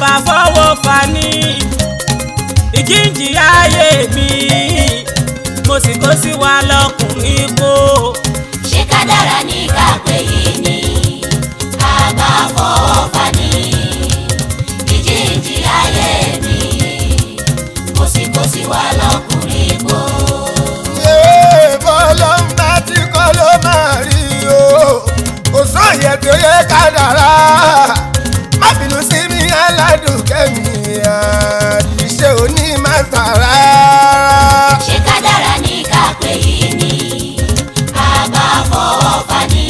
bàbá fọwọ́ fani ìjíǹjì ayé mi mo sì kó sí wa lọkùnrin kó. ṣé kádàrá ní kápẹ́ yìí ni bàbá fọwọ́ fani ìjíǹjì ayé mi mo sì kó sí wa lọkùnrin kó. ṣé bọ́lọ́ bá ti kọ́ ló máa rí aládùnkẹ́mi àṣìṣe òní máa tà rárá. ṣé kádàrá ní kápé yìí ni bàbá fọwọ́ fà ní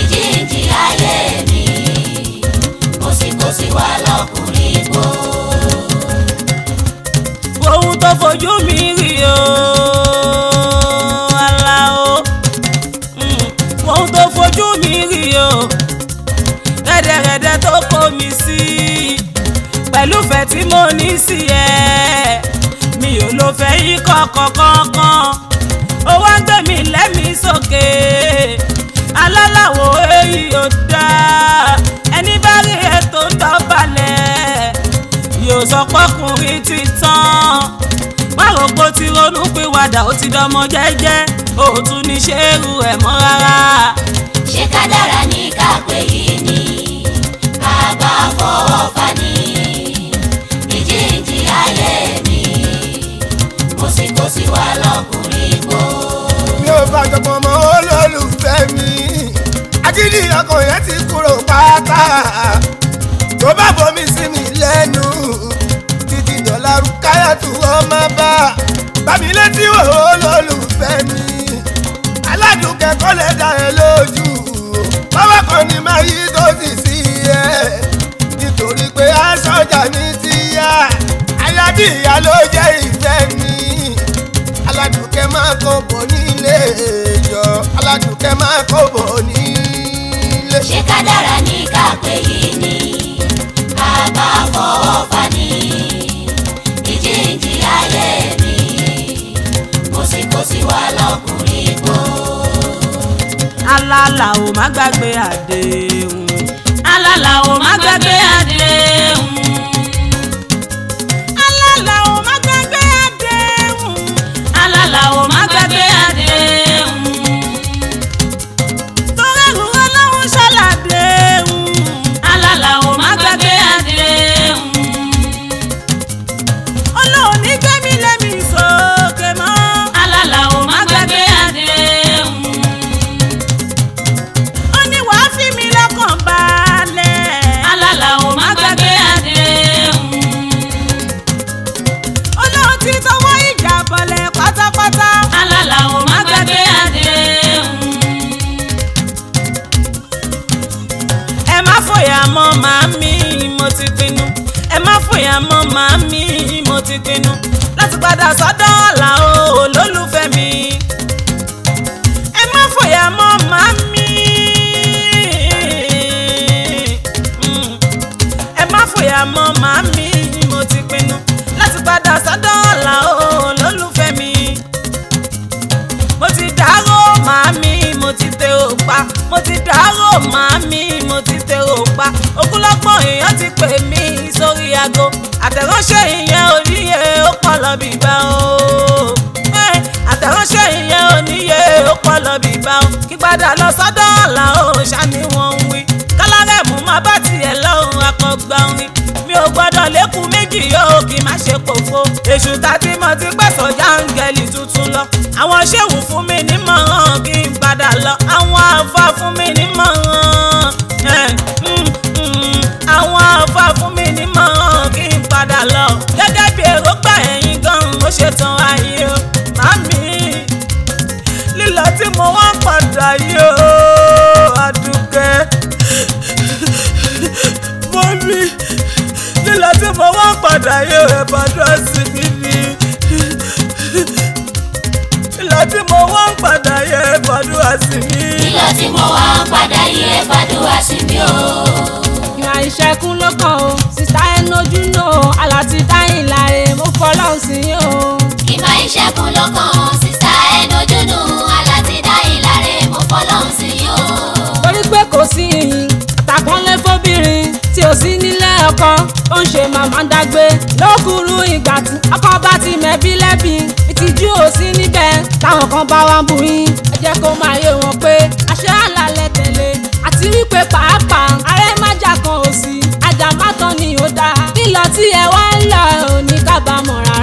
ìjìnjì ayé mi kòsíkòsí wà lọ́kùnrin gbò. ohun tó fojú mi. pẹ̀lú fẹ́ tí mo ní sí ẹ mi ò lo fẹ́ yí kọ̀ọ̀kan kankan ó wá ń gbé mi lẹ́mìí sókè alálàwọ̀ èyí ò dáa ẹni bá rí ètò ń dọ̀bálẹ̀ yóò sọ pọ́kùnrin ti tán wá ti ronú pìwàdà ó ti dọmọ jẹ́jẹ́ òòtú ní ṣéèrú ẹ̀ mọ́ rárá. ṣé kádàrá ní ká yìí ni bàbá fọwọ́ fani. kò sí mi ò bá jọpọ̀ mọ́ olólùfẹ́ mi agídí ọkọ̀ yẹn ti kúrò pátá tó bá bomi sí mi lẹ́nu títí dọ̀là rúkáyà tó wọ́n má bá bàmí létí wò olólùfẹ́ mi aládùnkẹ́ kọ́ lè dá ẹ lójú bàbá kan ní máa yí tó sì sí ẹ nítorí pé aṣọ́jà mi ti yá ayá bí ìyá ló jẹ́ ìyá máa kó bò nílé ẹjọ́ aládùnkẹ́ máa kó bò nílé. ṣé kádàrá ní kápé yìí ni bàbá fọwọ́ fani ìjíǹjì ayé mi kòsíkòsí wà lọkùnrin kó. alálà ò má gbàgbé àdéhùn alálà ò má gbàgbé àdéhùn. ti pinnu láti padà sọ́dọ̀ ọ̀la olólùfẹ́ mi. ẹ má fòyà mọ́ màmí. Mm. ẹ má fòyà mọ́ màmí mo ti pinnu láti padà sọ́dọ̀ ọ̀la olólùfẹ́ mi. mo ti dárò màmí mo ti tẹ òpa mo ti dárò màmí mo ti tẹ òpa ogunlọ́gbọ̀n èèyàn ti pè mí sórí aago àtẹ̀ránṣẹ́ ìyẹn lọ́bì bá o. Eh, àtẹ̀ránṣẹ́ ìyẹn ò níye ó pọ̀ lọ́bì bá o. kí padà lọ sọ́dọ̀ ọ̀la o ṣáni wọ́n ń wí. kálárẹ̀ mú má bá tiẹ̀ lọ́hùn akọgbà orin. mi ò gbọ́dọ̀ lékun méjì yóò kí má ṣe kòfo. èṣù tàbí mo ti pẹ̀sọ̀ yáǹgẹ̀lì tuntun lọ. àwọn ṣéwù fún mi nímọ̀ràn kí n padà lọ. àwọn àfa fún mi nímọ̀ràn padà yóò ẹ̀ bá dúrásì níbi ìlà tí mo wá ń padà yẹ ẹ̀ bá dúrásì mi. ìlà tí mo wá ń padà yẹ ẹ̀ bá dúrásì mi o. ìrìn àìṣẹ́kùn ló kàn ó sísá ẹnu ojú náà àlá ti dáhìn láre mo fọlọ́ọ̀ sí yín o. ìmọ̀ ìṣẹ́kùn ló kàn sísá. ọkọ ó ń ṣe màmá dágbé lókùrú ìgbà tí ọkọ bá ti mẹ̀bí lẹ́bi ìtìjú ò sí níbẹ̀ táwọn kan bá wá ń bú yín ẹ jẹ́ kó máa yé wọn pé àṣẹ àlàlẹ̀ tẹ̀lé àti wípé pàápàá ààrẹ májà kan ò sí àjàmátàn ni ó dáa lílọ tí ẹ wá ń lọ ò ní kábàámọ̀ra.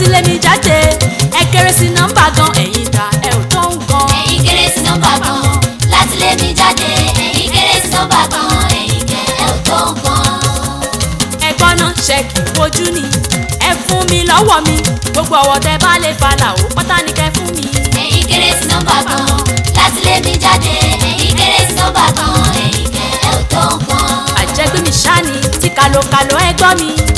ti lé mi jáde ẹ kéré sí nọ́mbà gan ẹ̀yin dà ẹ ò tó ń gan. ẹ̀yin kéré sí gan láti lé mi jáde ẹ̀yin kéré sí nọ́mbà gan ẹ̀yin kẹ ẹ ò tó ń gan. ẹ̀gbọ́n náà ṣe kì í wojú ni ẹ fún mi lọ́wọ́ mi gbogbo ọ̀wọ́ tẹ bá lè falà ó pátá ni kẹ fún mi. ẹ̀yin kéré sí gan láti lé mi jáde ẹ̀yin kéré sí gan ẹ̀yin kẹ ẹ ò tó ń gan. àjẹgbé mi ṣáà ni tí kalokalo ẹ gbọ́ mi.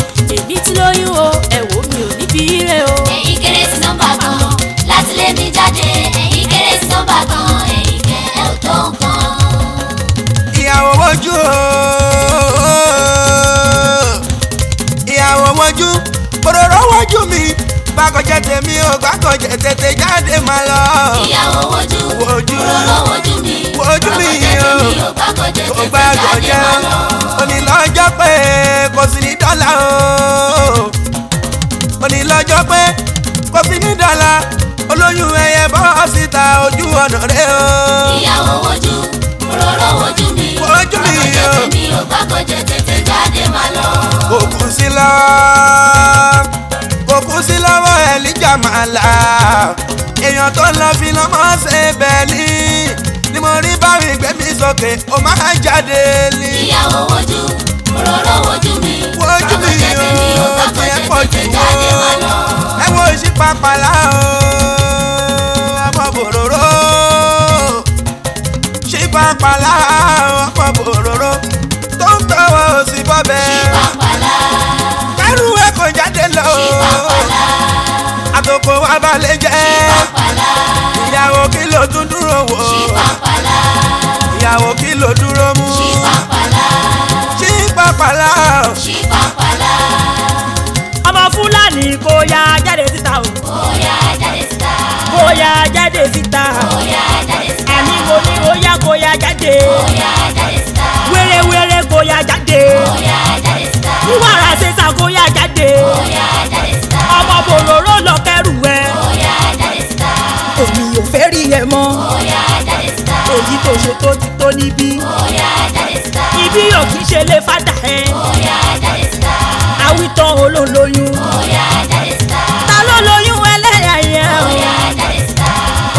gbà kan jẹ tètè jáde má lọ. ìyàwó wojú wojú wojú mi wojú mi o kò gbà kan jẹ òní lọ́jọ́ pé kò sí ní dọ́là o òní lọ́jọ́ pé kò sí ní dọ́là olóyún ẹyẹ bọ́ síta ojú ọ̀nà rẹ o. ìyàwó wojú òróró wojú mi wojú mi o kò ní o gbà kan jẹ tètè jáde má lọ. kò kù sí lọ kò kù sí lọ́wọ́ ẹ̀ lé àmàlà èèyàn tó lọ fi lọ́mọ ṣe bẹ́ẹ̀ ni ni mo rí báwọn ìgbé mi sókè ó máa jáde ní. ìyàwó wojú òróró wojú mi wojú mi yóò tó yẹ pọ̀ jù wọ́n ẹ wo ìṣí pàpàlà o ọmọ bòróró ṣí pàpàlà o ọmọ bòróró tó ń tọwọ́ òsì bọ́bẹ̀. ṣí pàpàlà. kó wá balẹ̀ jẹ́. ìyàwó kí ló tún dúró wò. ìyàwó kí ló dúró mú. ṣípàpàlà. ṣípàpàlà. ọmọ fúlàní kò yá jáde síta o. kò yá jáde síta. kò yá jáde síta. kò yá jáde síta. àní mo ní ó yá kò yá jáde. kò yá jáde síta. wérewére kò yá jáde. kò yá jáde síta. wíwá ara ṣe sá kò yá jáde. kò yá jáde síta. yẹyẹ mọ́. Oya jáde síta. Èyí tó ṣe tó ti tó níbí. Oya jáde síta. Ibi yóò kí ṣe lè fàdà ẹ. Oya jáde síta. Awítọ́ olóńlóyún. Oya jáde síta. Ta ló lóyún ẹlẹ́yà yẹn o? Oya jáde síta.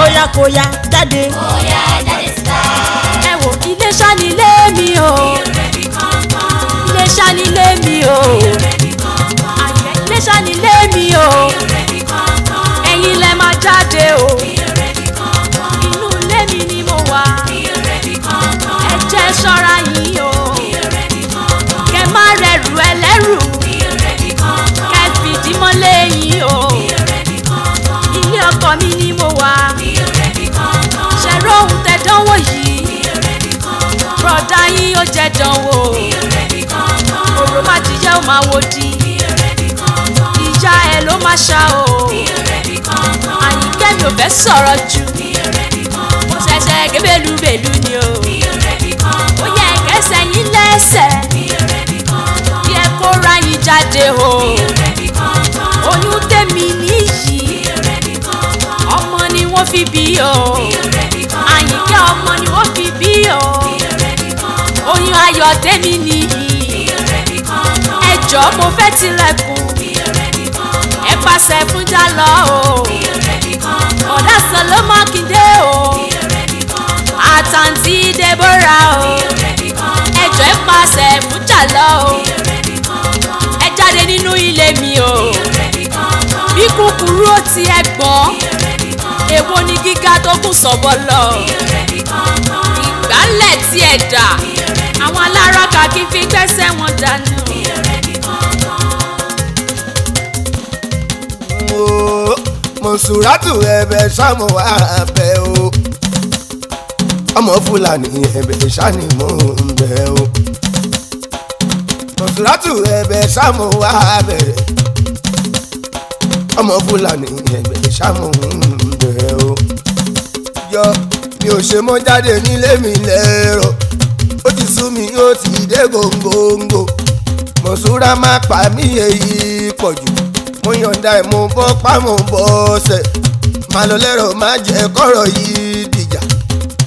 Oya kò ya jáde. Oya jáde síta. Ẹ wo ilé ṣánilé mi o. Ilé ṣánilé mi o. Ilé ṣánilé mi o. Ẹ̀yin lẹ máa jáde o. ṣe ṣọ́ra yìí o kẹ má rẹrù ẹlẹ́rù kẹ fìdí mọ́lẹ̀ yìí o ilé ọkọ mi ni mo wà ṣẹ̀rọ ohun tẹ dánwò yìí bùrọ̀dá yín ó jẹ dánwò òru má jíjẹ́ ó máa wò di ìjà ẹ̀ ló má ṣá o àyíkẹ́ mi ò fẹ́ sọ̀rọ̀ jù mo ṣẹ̀ṣẹ̀ gébèlú fi bí ọ àyíká ọmọ ni wọ́n fi bí ọ oyún ayọ̀ tèmi nìyí ẹjọ́ mo fẹ́ tilẹ̀kùn ẹ pàṣẹ fún jálọ o ọ̀dà sọlọ́mọ kìndé o àtàǹtí Deborah o ẹjọ́ ẹ pàṣẹ fún jálọ o ẹ jáde nínú ilé mi o bí kúkúrú ó ti ẹ gbọ́n èwo ni gíga tó kù sọ̀bọ̀ lọ. ìgbálẹ̀ tí ẹ̀ dà àwọn alára kàkí fi gbẹ́sẹ̀ wọn dànù. mọ̀sùrátù ẹ̀bẹ̀ sámú wà bẹ́ o ọmọ fúlàní ẹ̀bẹ̀ sani mò ń bẹ́ o mọ̀sùrátù ẹ̀bẹ̀ sámú wà bẹ́ ọmọ fúlàní ẹ̀bẹ̀ sámú ń bẹ́ o yọ mi ò ṣe mọ́ jáde nílé mi lẹ́rọ ó ti sú mi ó ti dé gòngòngò mọ̀súra má pa mí èyí pọ̀jù mo yọ̀ǹda ẹ̀ mo bọ́ pa mo bọ́ ṣẹ̀ má lọ lẹ́rọ má jẹ́ kọ́rọ̀ yìí dìjà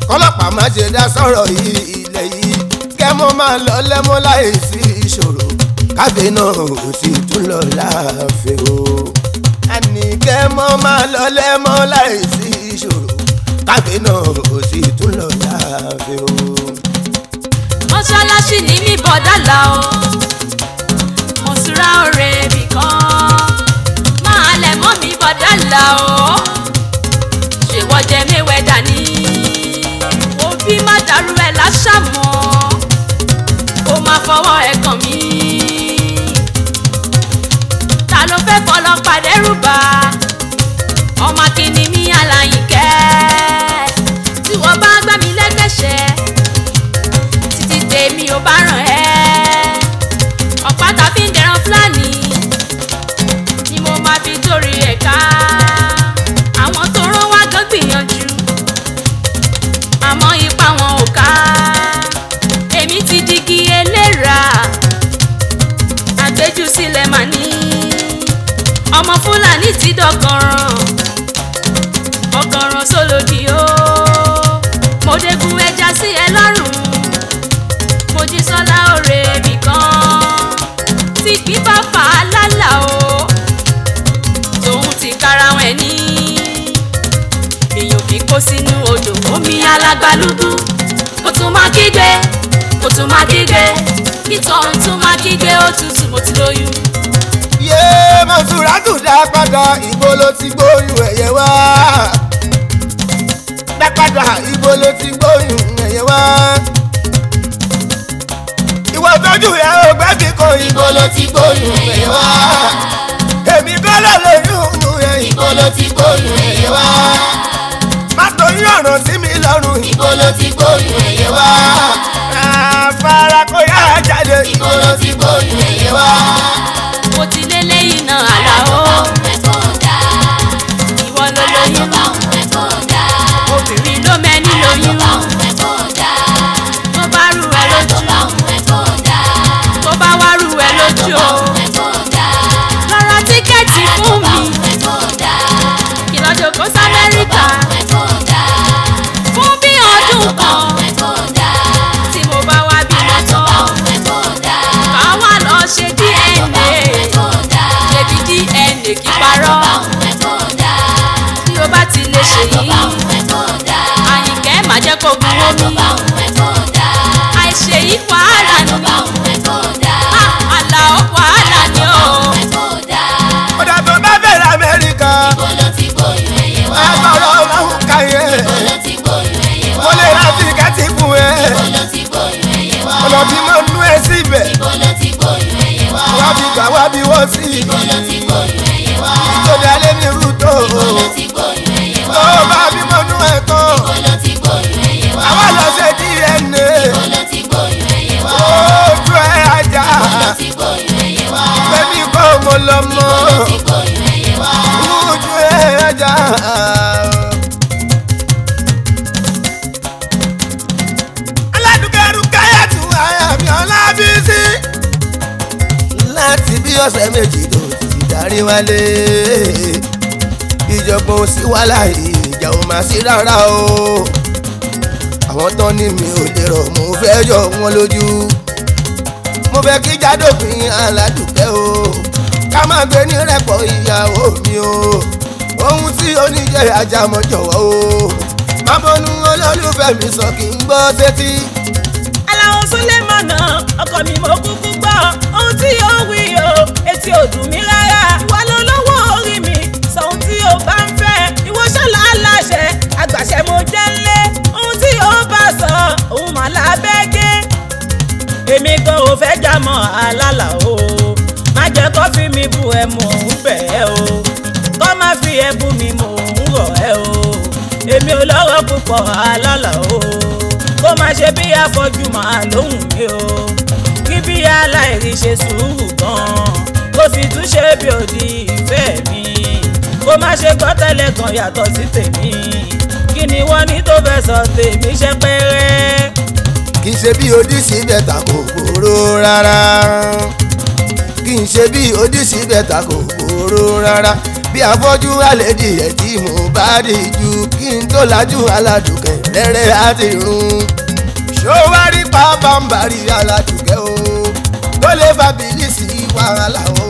kọ́lọ́pàá má ṣe dá sọ̀rọ̀ yìí ilẹ̀ yìí kẹ́ mo máa lọ lẹ́mọ́ láì sí ìṣòro káfíń náà ò sì tún lọ láàfin o àní kẹ́ mo máa lọ lẹ́mọ́ láì sí ìṣòro káfí náà ò sì tún lọ yáàfẹ o. mọ́ṣáláṣí ní mi bọ̀dálà o mo súra ọ̀rẹ́ mi kan máa lẹ̀ mọ́ mi bọ̀dálà o ṣèwọ́ jẹ mẹ́wẹ́ dání òfin má dàrú ẹ̀ láṣàmọ́ ó máa fọwọ́ ẹ̀ mi mí ta ló fẹ́ fọlọ́ padẹ́rù bá ọmọ kìnìún mi Àlàyìnkẹ́ ṣe títí tèmi ò bá ràn ẹ́ ọ̀pá tá fi ń dẹran fúlàní ni mo máa fi dórí ẹ̀ ká àwọn tó rán wá gan gbìyànjú àmọ́ ipa wọn ò ká èmi ti digi eléra àgbéjú sílẹ̀ mà ní ọmọ fúlàní ti dọ̀gànràn ọ̀gànràn sólòdì. kó sínú odò omi alágbálúgbú kò tún máa kígbe kò tún máa kígbe nítorí tún máa kígbe ó tutù mo ti lóyún. yéé mọ̀sùrátù dá padà ibo ló ti gbóyún ẹ̀yẹ wá dá padà ibo ló ti gbóyún ẹ̀yẹ wá ìwọ tójú rẹ ò gbẹ́bí kan ibo ló ti gbóyún ẹ̀yẹ wá èmi kọ́ lóyún ẹ̀yìn ibo ló ti gbóyún ẹ̀yẹ wá tí ọ̀ràn sí mi lọ́rùn. ibo ló ti gbóyún ẹ̀yẹ wá. àfàrà kò jáde. ibo ló ti gbóyún ẹ̀yẹ wá. kó sí. ìgbóná ti gbó ilẹ̀ wá. ìgbóná lé ti gbó ilẹ̀ wá. tó bá bímọ nú ẹ̀ tán. ìgbóná ti gbó ilẹ̀ wá. àwa lọ ṣe DNA. ìgbóná ti gbó ilẹ̀ wá. ojú ẹ ajá. ìgbóná ti gbó ilẹ̀ wá. fẹ́mi kọ́ mo lọ mọ́. ìgbóná ti gbó ilẹ̀ wá. ojú ẹ ajá. wálé ìjọba ò sí wàhálà ìjà ò máa sí rárá o àwọn tán ní mi ò lè rọ̀ mo fẹ́ yọ wọn lójú mo fẹ́ kí jádòfin aládùúkẹ́ o ká má gbé ní rẹ̀pọ̀ ìyàwó mi o ohun tí oníjẹ́ ajámọ́ o má bọ́nú olólùfẹ́ mi sọ kí n gbọ́ sétí. aláwọ̀ súlẹ̀ ọkọ mi mo kúkú gbọ́ ohun tí yóò wí o etí ò dùn mí rárá. ṣẹ̀ṣẹ̀ mo jẹ́ ńlé ohun tí ó bá sọ òun mà lábẹ́ gé èmi kan ò fẹ́ já mọ́ àlálà o má jẹ́ kó fi mi bu ẹ mọ̀ ń o kó má fi ẹ mi mọ̀ rọ̀ ẹ́ o èmi ò lọ́rọ̀ púpọ̀ àlálà o kó má ṣe bí afọ́jú màá lóhùn mi o kí bí aláìrí ṣe sùúrù gan kó sì tún bí òdì ìfẹ́ mi kó má ṣe gbọ́ tẹ́lẹ̀ yàtọ̀ sí tèmi ni wọ́n ní tó fẹ́ sọ tèmi ṣe pẹ́rẹ́. kì í ṣe bí odisi bẹ́tà kò gbòòrò rárá kì í ṣe bí odisi bẹ́tà kò gbòòrò rárá bí afọ́jú àlejò ẹ̀ tí mo bá dìjú kí n tó lajú aládùnkẹ́ rẹ́rẹ́ àti run. ṣó wá rí pápá ń bari aládùnkẹ́ o tó lè fa bìlísì wàhálà o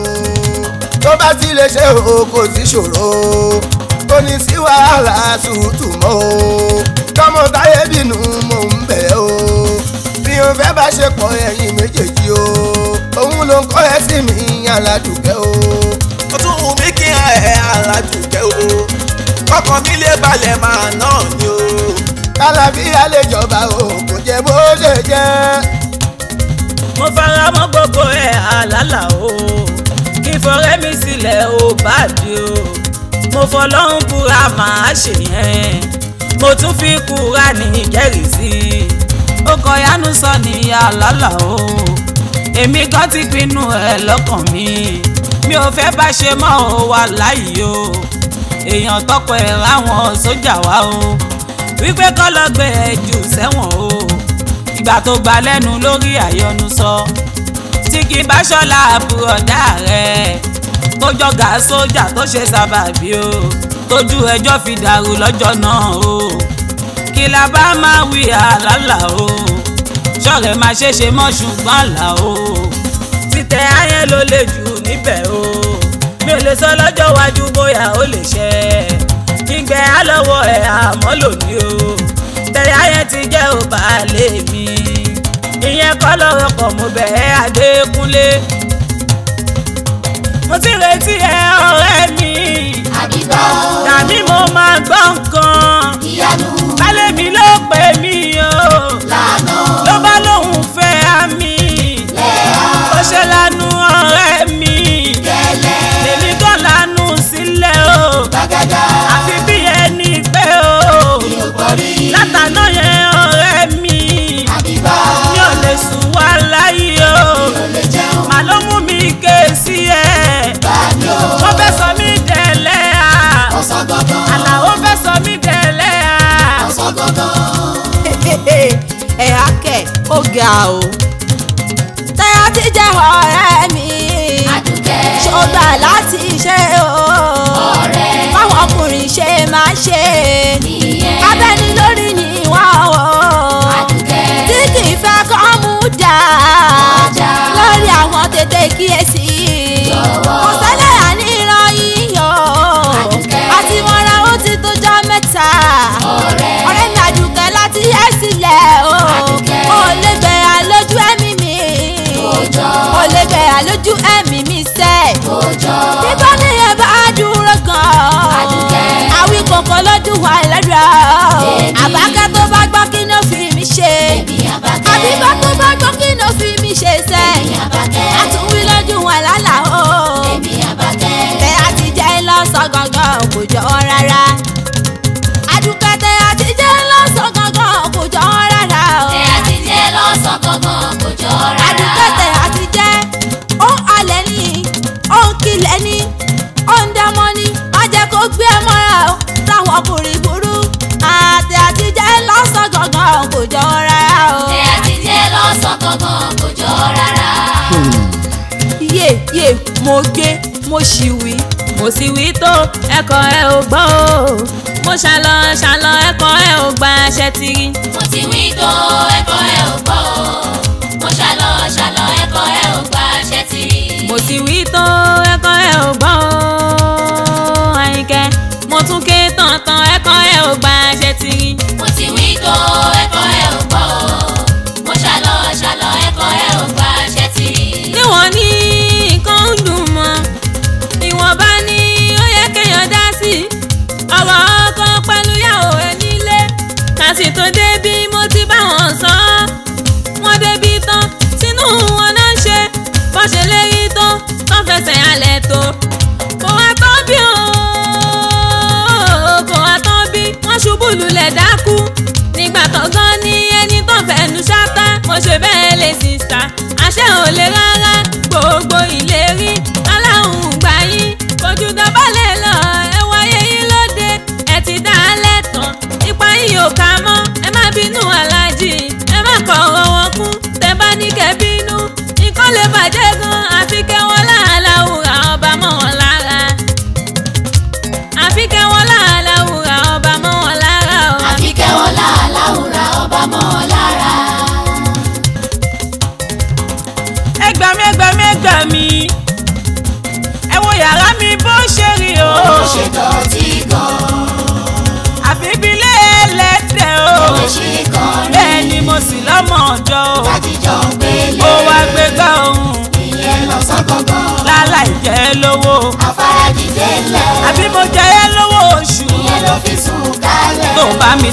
tó bá ti lè ṣe o kò sí ṣòro kò ní sí wàhálà sùtù mọ́ o tọmọ táyé bínú mò ń bẹ̀ o bí o fẹ́ bá ṣe pọ̀ ẹ̀yìn méjèèjì o òun ló ń kọ́ ẹ sí mi aládùúkẹ́ o. ó tún wù mí kí n ẹ aládùúkẹ́ o kọ́kọ́ mi lè balẹ̀ màá náà ni o. kálàfíà lè jọba o kò jẹ́ bó ṣe jẹ́. mo fara mọ́ gbogbo ẹ̀ àlálà o kí fọrẹ́ mi sílẹ̀ o bá di o mo fọlọ́hún búra màá ṣe yẹn mo tún fi kúra ní ìjẹ́rìísí ó kọ yánú sọ níyà lọ́lọ́ o èmi gan ti pinnu ẹ̀ lọ́kàn mi mi ò fẹ́ bá ṣe mọ́ ò wà láyìí o èèyàn tọkọ ẹ̀ láwọn sójà wá o wípé kọ́ lọ gbé ẹ jù sẹ́wọ̀n o ìgbà tó gba lẹ́nu lórí àyọnu sọ tí kì í bá ṣọ́lá àbúrò dá rẹ̀ tó jọ̀gá sójà tó ṣe sábàbí o tójú ẹjọ́ fi dàrú lọ́jọ́ náà o kí la bá máa wí àlálà o ṣọ̀rẹ́ máa ṣe ṣe mọ́ ṣùgbọ́n àlà o títẹ ayé ló lè jù níbẹ̀ o mi ò lè sọ lọ́jọ́ wájú bóyá ó lè ṣe gbígbẹ́ á lọ́wọ́ ẹ̀ àmọ́ o tẹ̀lé ayé ti jẹ́ ò bá lè mi ìyẹn kọ́ lọ́rọ̀ pọ̀ mo bẹ̀ ẹ́ Adékúnlé mo ti retí ẹ ọ̀rẹ́ mi. àbíbọ̀. tàbí mo máa gbọ́ nǹkan. ìyanu. bálẹ̀ mi ló pè mí o. lànà. ló bá lóun fẹ́ àmì. lẹ́yà. ó ṣe lanu ọ̀rẹ́ mi. gẹ́lẹ́. èmi kan lanu sílẹ̀ o. gbàgádà. àfi bí ẹni pé o. ìyókò rí. látàná yẹn ọ̀rẹ́ mi. àbíbọ̀. mi ò lè sùn wá láyé o. mi ò lè jẹun. màá mú mi ké sí ẹ ó fẹ́ sọ mí dẹ̀lẹ́ à àlàó fẹ́ sọ mí dẹ̀lẹ́ à. ẹ̀yà kẹ̀ ó ga o táyà ti mi ṣọ́gbà láti ṣe o báwọn ọkùnrin ṣe máa ṣe abẹ́ni lórí ni wọ́n o tí kì í fẹ́ kọ́ mú dà lórí àwọn tètè kíyèsí kò sẹ́lẹ̀. Abba mo gé mo sì wí mo sì wí tó ẹ̀kọ́ ẹ ò gbọ́ o mo ṣàlọ ṣàlọ ẹ̀kọ́ ẹ ò gba àṣẹ tiri. mo ti wí tó ẹ̀kọ́ ẹ ò gbọ́ o mo ṣàlọ ṣàlọ ẹ̀kọ́ ẹ ò gba àṣẹ tiri. mo ti wí tó ẹ̀kọ́ ẹ ò gbọ́ o Àyìnkẹ́ mo tún ké tán tán ẹ ò gba àṣẹ tiri. mo ọ̀sẹ̀ alẹ́ tó kò wá tán bí ooo kò wá tán bí wọ́n ṣubú lulẹ̀ dákú nígbà tó gan ni ẹni tó fẹ̀nu ṣáká mo ṣe bẹ́ẹ̀ lè sista àṣẹ ò lè rárá.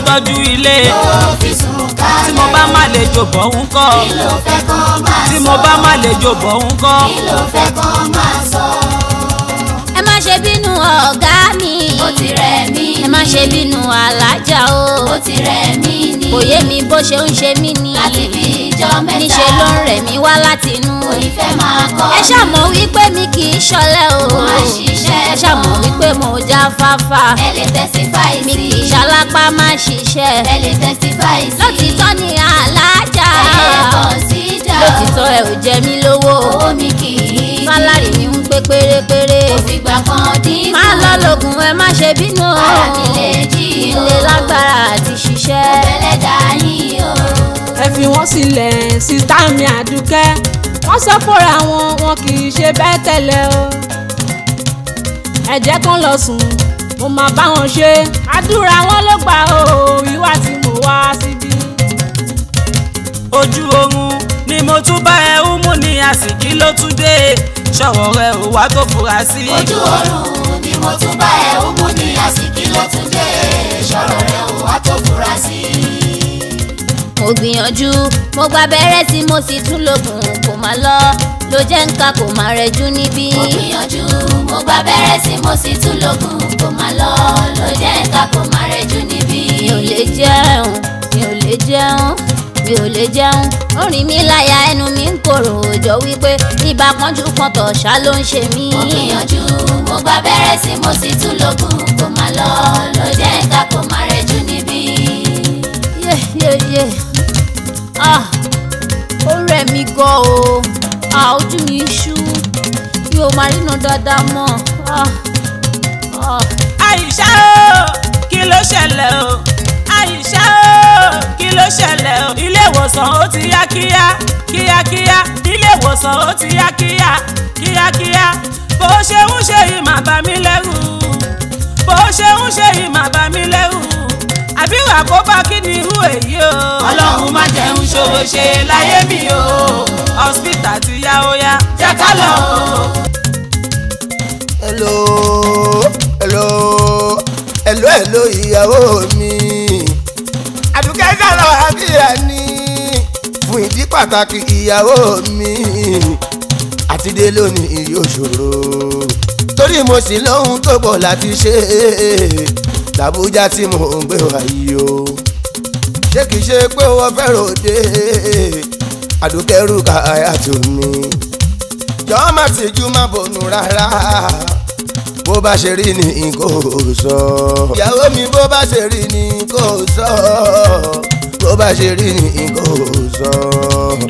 tọ́jú ilé. ó fi sùn kálẹ̀. tí mo bá má lè jò bọ̀ ń kọ́. tí mo bá má lè jò bọ̀ ń kọ́. ẹ má ṣe bínú ọ̀gá mi. ó ti rẹ̀ mí ni. ẹ má ṣe bínú alájà o. ó ti rẹ̀ mí ni. kò yé mi bó ṣe ń ṣe mí ni. láti bí ọjọ́ mẹ́ta níṣẹ́ ló ń rẹ̀ mí wá láti inú. onífẹ́ máa kọ́ ẹ ṣàmọ̀ wípé mi kì í ṣọ̀lẹ o. wọ́n á ṣiṣẹ́ náà. ẹ ṣàmọ̀ wípé mo já fáfá. ẹ lè testify sí. mi kì í ṣalápá má ṣiṣẹ́. ẹ lè testify sí. lótìtọ́ ni alájà. ẹ yẹ kọ́ sí ìjà. lótìtọ́ ẹ ò jẹ mí lówó. owó mi kì í dín. sálárì mi ń pé pérépéré. òfin kan dín. má lọ lògùn ẹ má ṣe bínú. ara mi lè jí o. ilé lágbára àti ṣiṣẹ́. ọbẹ̀ lẹ́dàá yín o ẹ fi wọ́n sílẹ̀ sísá mi àdúkẹ́ wọ́n sọ fúnra wọn wọn kì í ṣe bẹ́ẹ̀ tẹ́lẹ̀ o. ẹ jẹ́ lọ sùn mo máa bá wọn ṣe àdúrà wọn ló gbà o ìwà tí mo wá síbí. ojú oorun ni mo tún bá ẹ ń mú ní àsìkí ló tún dé ṣọ̀wọ́ rẹ ò wá tó fura sí. ojú oorun ni mo tún bá ẹ ń mú ní àsìkí ló tún dé ṣọ̀rọ̀ rẹ ò wá tó fura sí mo gbìyànjú mo gba abẹ́rẹ́ tí mo sì tún lògùn kò má lọ ló jẹ́ ń ka kò má rẹjú níbí. mo gbìyànjú mo gba abẹ́rẹ́ tí mo sì tún lògùn kò má lọ ló jẹ́ ń ka kò má rẹjú níbí. mi ò lè jẹun mi ò lè jẹun mi ò lè jẹun orin mi láyà ẹnu mi ń korò òjò wípé ibà kánjú kan tọ̀ ló ń ṣe mí. mo gbìyànjú mo gba abẹ́rẹ́ tí mo sì tún lògùn kò má lọ ló jẹ́ ń ka kò má rẹjú níbí. yeah yeah yeah. Ah, ó rẹ̀ mí gan o ah, ojú mi ṣú yóò máa ríran dáadáa mọ́. Ah, àìṣá o kí ló ṣẹlẹ̀ o àìṣá o kí ló ṣẹlẹ̀ o ilé ìwòsàn ó ti yá kíá kíákíá ilé ìwòsàn ó ti yá kíá kíákíá bó ṣe ń ṣe yìí má bà mí lẹ́rù bó ṣe ń ṣe yìí má bà mí lẹ́rù àbí wà kó bá kí ni irú èyí o. ọlọ́run má jẹun ṣòro ṣe láyé mi o. hospital ti yá ó yá jẹ́ ká lọ. hello hello hello hello ìyàwó mi. àdùkẹ́ dára àbíyá ni fún ìdí pàtàkì ìyàwó mi àti dé lónìí yóò ṣòro torí mo sì lóhun tó bọ̀ láti ṣe é làbújá tí mò ń gbé wá yìí o ṣé kìí ṣe pé wọ́n fẹ́ ròde àdókẹ́rù káyà tó ní jọ́ọ́ má tìjú má bònú rárá bó bá ṣe rí ni kò sọ. ìyàwó mi bó bá ṣe rí ni kò sọ bó bá ṣe rí ni kò sọ.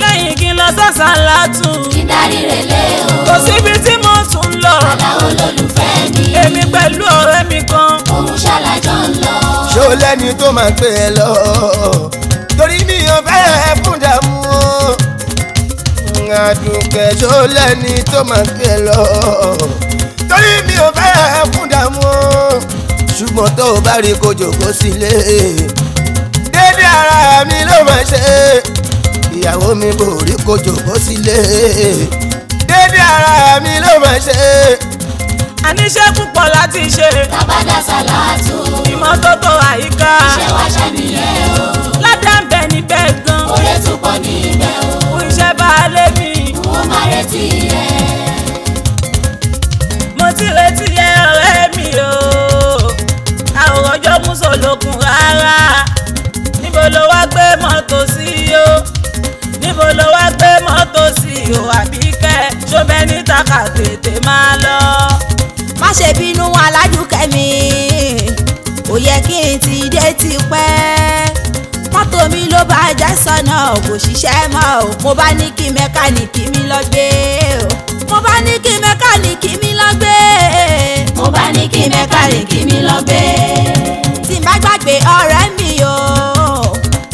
lẹ́yìn kí n lọ sọ́sà látù. kí dárí rẹ̀ lé o. kò síbi tí mo tún lọ. àlàó lólùfẹ́ mi. èmi pẹ̀lú ọ̀rẹ́ mi kan ṣàlàjọ ń lọ. ṣé o lẹ́ni tó máa pè é lọ torí mi ò fẹ́ ẹ fún ìdààmú àdùnkẹ́ ṣé o lẹ́ni tó máa pè é lọ torí mi ò fẹ́ ẹ fún ìdààmú ṣùgbọ́n tó o bá rí kó jòkó sílé dédé ara mi ló máa ṣe ìyàwó mi bò rí kó jòkó sílé dédé ara mi ló máa ṣe àníṣe púpọ̀ láti ṣe. tàbádà sàlátù. ìmọ́tótó àyíká. iṣẹ́ wa ṣe nìyẹn o. ládàá ń bẹ níbẹ̀ gan. oore tún pọ̀ níbẹ̀ o. fún iṣẹ́ bá a lé mi. mo máa retí ẹ. mo ti retí ẹ ọ̀rẹ́ mi o. a ò rọjọ́ múso rárá. níbo ló wá gbé mọ́tò sí o. níbo ló wá gbé mọ́tò sí o àbíkẹ́. ṣó bẹ́ẹ̀ ní takà tètè máa lọ ṣe bínú alájú kẹ́mi kò yẹ kí n ti dé tipẹ́ mọ́tò mi ló bá já sọ́nà kò ṣiṣẹ́ mọ́ o mo bá ní kí mẹkáníìkì mi lọ gbé o mo bá ní kí mẹkáníìkì mi lọ gbé mo bá ní kí mẹkáníìkì mi lọ gbé tí n bá gbàgbé ọ̀rẹ́ mi o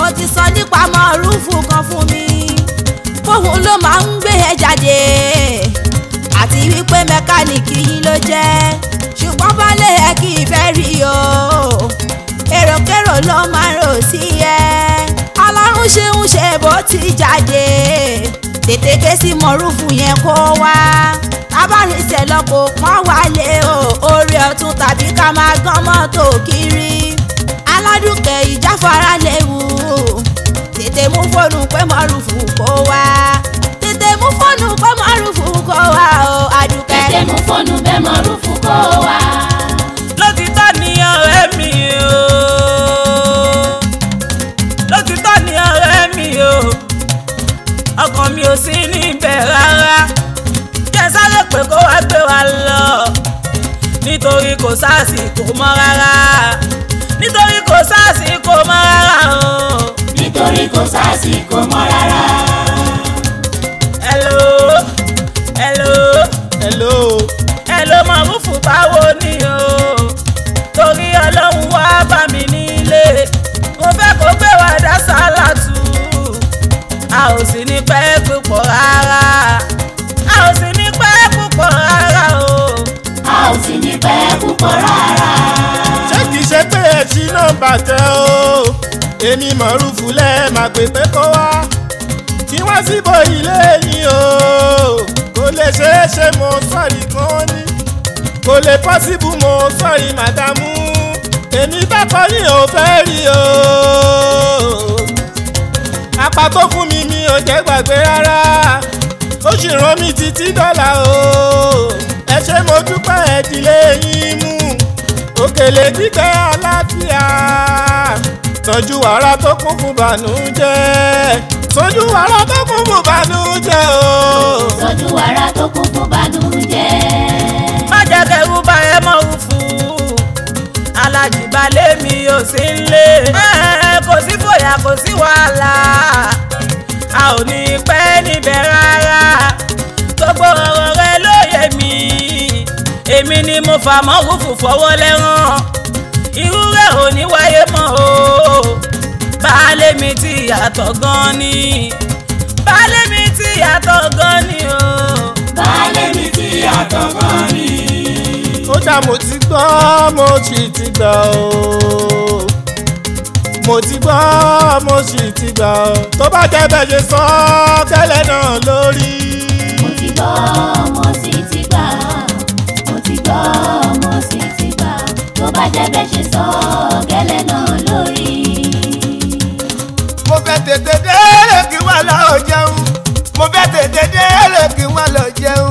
ó ti sọ nípa mọ́ rúfù kan fún mi kóhun ló máa ń gbé ẹ jáde àti wípé mẹkáníìkì yín ló jẹ́ ṣùgbọ́n baálé ẹ kì í fẹ́ rí o èròkérò ló máa rò sí ẹ alárùn ṣeun ṣe bó ti jáde tètè ké sí mọ̀rúfù yẹn kó wá tábàrìṣẹ́ lọ́kọ̀ pọ́n wálé o orí ọ̀tún tàbí ká máa gán mọ́tò kiri aládùnkẹ́ ìjáfara léwu tètè mú fóònù pé mọ̀rúfù kó wá tètè mú fóònù pé mọ̀rúfù kó wa o àdùkẹ́. ṣé mú fóònù bẹ́ẹ̀ mọ rúfù kó wa. lótìtọ́ ni ọ̀rẹ́ mi o lótìtọ́ ni ọ̀rẹ́ mi o ọkàn mi ò sí níbẹ̀ rárá jẹ́ sáré pé kó wá gbé wa lọ nítorí kò sásìkò mọ́ rárá nítorí kò sásìkò mọ́ rárá o. nítorí kò sásìkò mọ́ rárá. òṣùpá wo ni o torí ọlọ́run wá bá mi nílé mo fẹ́ kó gbé wa dá sálàtù a ò sì ní pẹ́ púpọ̀ rárá a ò sì ní pẹ́ púpọ̀ rárá o. a ò sì ní pẹ́ púpọ̀ rárá. ṣé kìí ṣe pé ẹ ṣí nọ́mbà tẹ o èmi mọ̀rúfù lẹ́ẹ̀ máa pè pé kó wá kí wọ́n síbò ilé ni o kò lè ṣeé ṣe mo sọ̀rí kan ní kò lè pọ́sibú mo sọ yìí màdàmú èmi bẹ́kọ̀ yìí ò fẹ́ rí o. apá tó fún mi mi ò jẹ́ gbàgbé rárá ó sì rán mi títí dọ́là o. ẹ ṣé mo dúpẹ́ ẹ̀dílé yín mú òkèlè gbígbẹ́ àlàáfíà tọ́jú ara tó kún fún bànújẹ́ tọ́jú ara tó kún fún bànújẹ́ o. tọ́jú ara tó kún fún bànújẹ́ tẹ́rù bá ẹ mọ̀ wù fún alájì balẹ̀ mi ò sí nílé kò sí fòyà kò sí wàhálà a ò ní pẹ́ níbẹ̀ rárá gbogbo ọ̀rọ̀ rẹ ló yé mi èmi ni mo fà mọ́ wùfù fọwọ́ lẹ́rán irú rẹ̀ ò ní wáyé mọ́ o baálé mi ti yàtọ̀ gan ni baálé mi ti yàtọ̀ gan ni o lẹ́ni tí àtọ̀bá ni. ó dá mo ti gbọ́ mo sì ti gbà o mo ti gbọ́ mo sì ti gbà o tó bá jẹ́ bẹ́ẹ̀ ṣe sọ kẹ́lẹ́ náà lórí. mo ti gbọ́ mo sì ti gbà mo ti gbọ́ mo sì ti gbà tó bá jẹ́ bẹ́ẹ̀ ṣe sọ kẹ́lẹ́ náà lórí. mo fẹ́ tètè délé kí wàhálà ò jẹun mo fẹ́ tètè délé kí wọ́n lọ jẹun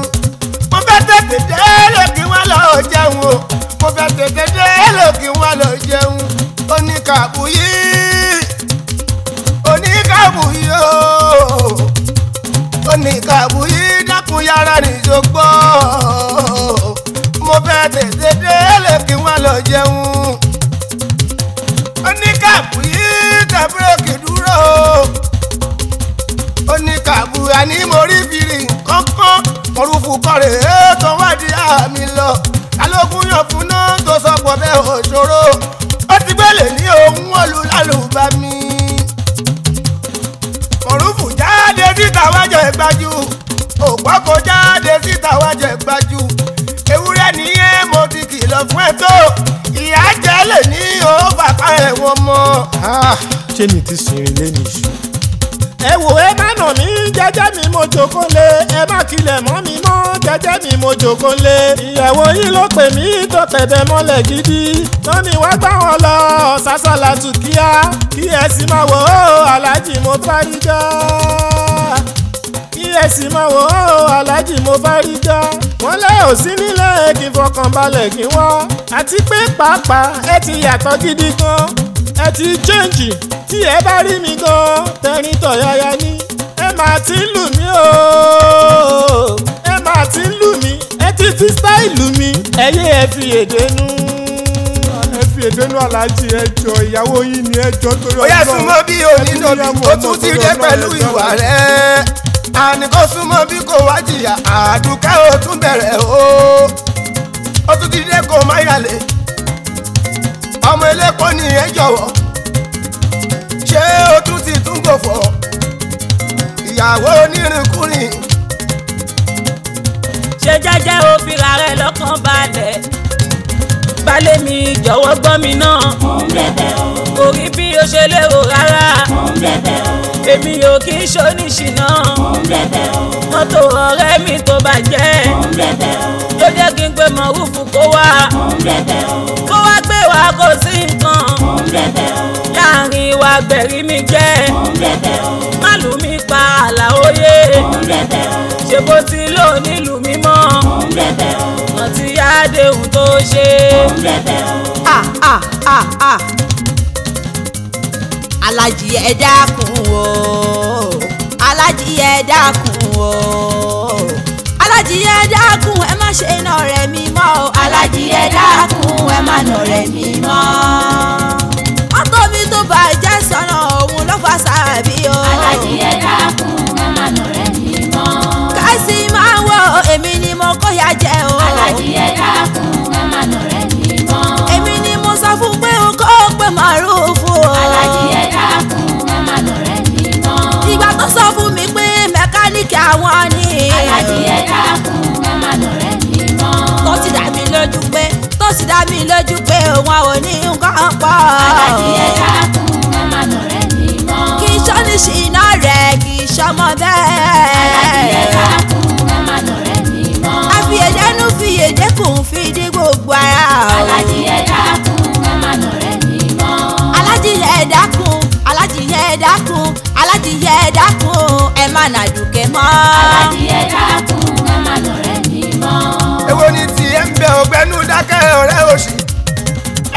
mo fẹ́ tètè délé kí wọ́n lọ jẹun o mo fẹ́ tètè délé kí wọ́n lọ jẹun oníkàbùyí oníkàbùyí o oníkàbùyí dákun yàrá nìjọgbọ́ mo fẹ́ tètè délé kí wọ́n lọ jẹun oníkàbùyí tẹ bírèkì dúró o ó ní kàbúrà ní mórí fìrí kọ́kọ́ mọ̀rúfù kọ́rẹ̀ ẹ́ wádìí àmì lọ alógún yàn fún náà tó sọ pọ̀ bẹ́ẹ̀ òṣòro ó ti gbélé ní ohun ọ̀lù lálùbami. mọ̀rúfù jáde síta wájọ ìgbájú òpó kò jáde síta wájọ ìgbájú ewúrẹ́ nìyẹn mo ti kìlọ̀ fún ẹ tó ìyá jẹ́ lè ní òun bàbá ẹ̀wọ̀n mọ́. Ah, ṣé mi ti sìn ilé mi sùn ẹ wò ẹ má nà mí jẹ́jẹ́ mi mo jòkó lé ẹ má kilẹ̀ mọ́ mi mọ́ jẹ́jẹ́ mi mo jòkó lé ìyàwó yìí ló pè mí tó tẹ̀dẹ̀ mọ́lẹ̀ gidi tán ni wá gbá wọn lọ sásàlà tù kíá kí ẹ sì máa wò ó aláàjì mo bá rí kí ẹ sì máa wò ó aláàjì mo bá rí já wọ́n lé òsín nílẹ̀ kí n fọkàn balẹ̀ kí wọ́n àti pé pàápàá ẹ ti yàtọ̀ gidi gan ẹ ti chẹ́ǹjì tí ẹ bá rí mi gan tẹ̀rín tọ̀yàyà ni ẹ máa ti lù mí o ẹ máa ti lù mí ẹ ti fi stáìlù mi ẹ yé ẹ fi èdè nú. ẹ fi èdè nú aláàjì ẹjọ ìyàwó yìí ni ẹjọ torí ọjọ. ó yẹ súnmọ́ bí onídọ̀bí ó tún ti dé pẹ̀lú ìwà rẹ̀ àní kó súnmọ́ bí kò wá jìyà àdùkẹ́ ó tún bẹ̀rẹ̀ o ó tún ti dé kó má yàlè ọmọ elépo nìyẹn jọ̀wọ́ ṣé o tún ti tún gòfò ìyàwó onírìnkùnrin. ṣe jẹ́jẹ́ o fira rẹ lọ́kàn balẹ̀ mi jọ̀wọ́ gbọ́ mi náà. kò rí bí o ṣe lérò rárá. èmi ò kì í ṣoníṣìná. mo ń mi tó bàjẹ́. mo ń kí n pé mọ̀rúfù kó wá. kó wá kò sí nǹkan. láàrin wa gbẹ̀rí mi jẹ́. má lù mí pa àlàóyè. ṣé bó ti lò nílùú mímọ́. wọ́n ti yá déhùn tó ṣe. ah ah ah ah. alájí ẹ dákun o alájí ẹ dákun o alájí ẹ dákun ẹ má ṣe iná rẹ mi mọ́ o alájí ẹ dákun dákun ẹ má nà rẹ̀ mí mọ́. mọ́tò mi tó bàjẹ́ sọ̀nà òun ló fà sábì o. alájí mi lójú pé òun àwọn ní nǹkan pọ̀. alájí ẹ dákun màmá lọ̀rẹ́ mi mọ́. kì í ṣọ́ni ṣìnà rẹ̀ kì í ṣọmọ bẹ́ẹ̀. alájí ẹ dákun màmá lọ̀rẹ́ mi fi àfìyèdẹ́nu fìyèdẹ́kùn fi dí gbogbo ara. alájí ẹ dákun màmá lọ̀rẹ́ mi mọ́. alájí ẹ dákun alájí ẹ dákun alájí ẹ dákun ẹ má nà dùkẹ́ mọ́. alájí ẹ dákun màmá lọ̀rẹ́ mi mọ́. èwo ni ti ibẹ̀ ọ̀gbẹ́nu dákẹ́ ọ̀rẹ́ òṣì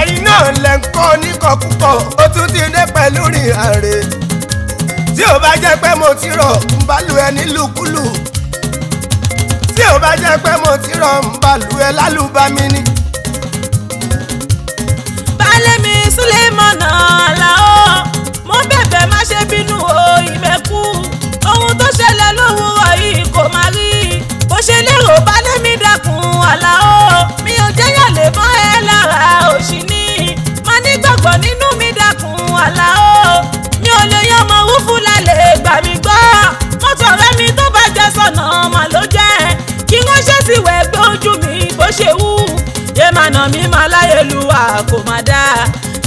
ẹ̀yin náà lẹ̀ ń kọ́ níkọ̀kúkọ̀ ó tún ti dé pẹ̀lú rìn àrè tí ò bá jẹ́ pé mo ti rọ̀ ń bá lu ẹ nílùkulù tí ò bá jẹ́ pé mo ti rọ̀ ń bá lu ẹ lálùbami ni. baálé mi Sulemona Alao mo bẹ̀bẹ̀ má ṣe bínú o ìmẹ̀kú ohun tó ṣẹlẹ̀ lówùúrọ̀ yìí kò má ṣe lérò bá lé mi dákun àlàó mi ò jẹ́yà lè mọ́ ẹ lára òṣì ni má nígbàgbọ́ nínú mi dákun àlàó mi ò lè yan ọmọ wúfú lálẹ́ gbà mí gbọ́ mọ́tò ọ̀rẹ́ mi tó bá jẹ sọ̀nà mà ló jẹ́ kí wọ́n ṣe sí wẹ̀ gbé ojú mi bó ṣe wù yé má nà mí má láyé luwà kò má dá